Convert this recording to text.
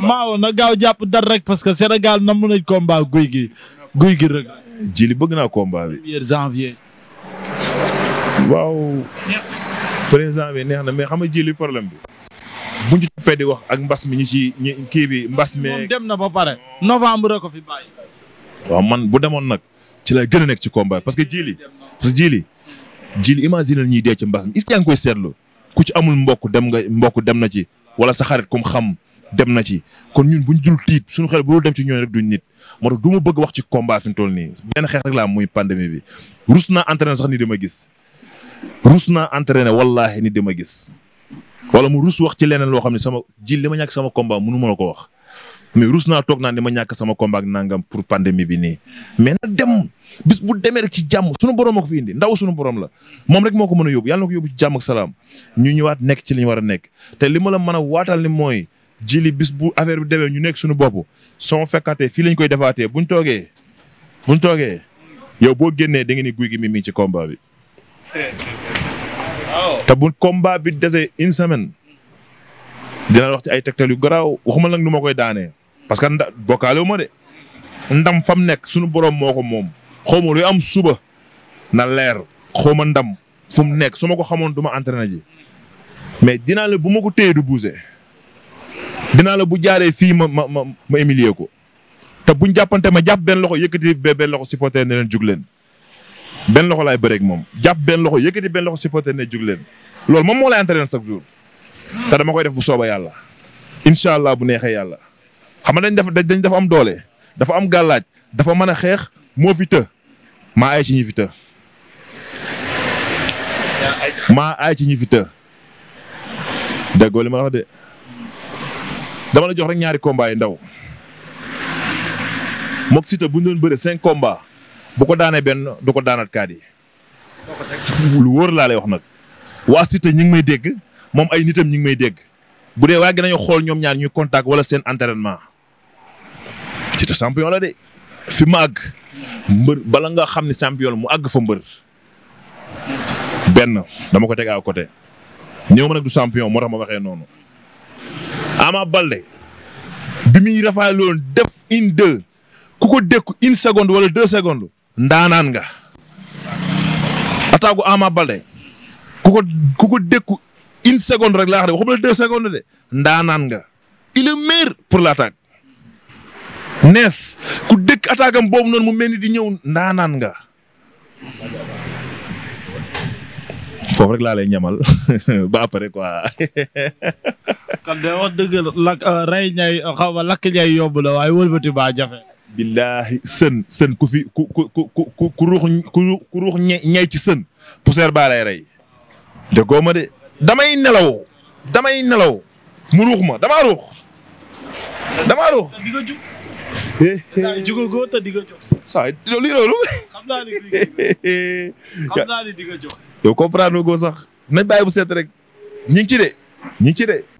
maaw na gaaw jàpp dar rek parce que Sénégal namm nañ combat guy gi guy gi rek. jili bëgg naa combat bi. premier janvier. waaw. neex na mais xam nga jili problème bi. bu ñu toppee di wax ak mbas mi ñi ci ñi kii bi mbas mi. moom dem na ba pare novembre ko fi bàyyi. man bu demoon nag ci lay gën a nekk ci combat parce que jili parce que jili jili imagine ñuy dee ci mbas mi est yaa ngi koy seetlu ku ci amul mbokku dem nga mbokk dem na ci wala sa xarit kum xam. dem na ci kon ñun bu ñu dul tiit suñu xel bu dul dem ci ñooñu rek duñ nit moo tax du ma bëgg wax ci combat fi mu nii benn xeex rek laa muy pandémie bi rus naa entraîné sax ni dama gis rus naa entraîné wallaahi ni dama gis wala mu rus wax ci leneen loo xam ne sama ji li ma ñàkk sama combat mënu ko wax mais rus naa toog naa ni ma ñàkk sama combat ak nangam pour pandémie bi nii mais na dem bis bu demee rek ci jàmm sunu borom a ko fi indi ndaw suñu borom la moom rek moo ko mën a yóbbu yàlla na ko jàmm ak salaam ñu ñëwaat nekk ci li ñu war a nekk te li ma la mën a waatal ni mooy jili bis bu affaire bi demee ñu nekk suñu bopp soo fekkatee fii lañ koy defaatee buñ toogee buñ toogee yow boo génnee da ngeen ni guy gi mi ngi ci combat bi. te bu combat bi dese une semaine dina wax ci ay tegtal yu garaaw waxuma nag nu ma koy daanee parce que nda bokkaale wu ma de ndam mu nekk suñu borom moo ko moom xaw ma luy am suba na leer xaw ma ndam fu mu nekk su ma ko xamoon du ma entraîné ji mais dinaa la bu ma ko téye du bousee. dinaa la bu jaaree fii ma ma ma ma humilier ko te buñ jàppante ma jàpp benn loxo yëkkati benn loxo supporter ne leen jug leen benn loxo laay bëreeg moom jàpp benn loxo yëkkati benn loxo supporter ne jug leen loolu moom moo lay entraîné chaque jour te koy def bu sooba yàlla incha allah bu neexee yàlla xam nga dañ def dañ dafa am doole dafa am gàllaaj dafa mën a xeex moo fi të maa ay ci ñi të maa ma wax de dama la jox rek ñaari combat yi ndaw moog Siteu bu ñu doon bëre cinq combat bu ko daanee benn du ko daanaat kaat lu wóor laa lay wax nag waa sit ñi ngi may dégg moom ay nitam ñi ngi may dégg bu dee waage nañu xool ñoom ñaar ñu kontak wala seen sit Siteu champion la de fi ma àgg mbër bala nga xam ne champion la mu àgg fa mbër benn dama ko teg à côté ñëw ma nag du champion moo tax ma waxee noonu Ama Balde bi muy rafetlu def une deux ku ko dékku une seconde wala deux secondes ndaanaan nga. attaque gu Ama Balde ku ko ku une seconde rek laa xam ne deux secondes de ndaanaan nga. il est meilleur pour l'attaque nees ku dëkk attaque am boobu mu mel ni di ñëw ndaanaan nga. foofu rek laa lay ñamal ba après quoi. kon de wax dëgg lak euh, ñay xaw lakk ñay yomb la waaye wëlbati baa jafe. billaahi sën sën ku fi ku ku ku ku ruux ku sën poussière baa lay rey. déggoo ma de damay nelaw damay nelaw mu ruux ma damaa ruux damaa ruux. di nga jug. saa yu jugul ko te di sax nañ bàyyi bu set rek ñu de ñu de.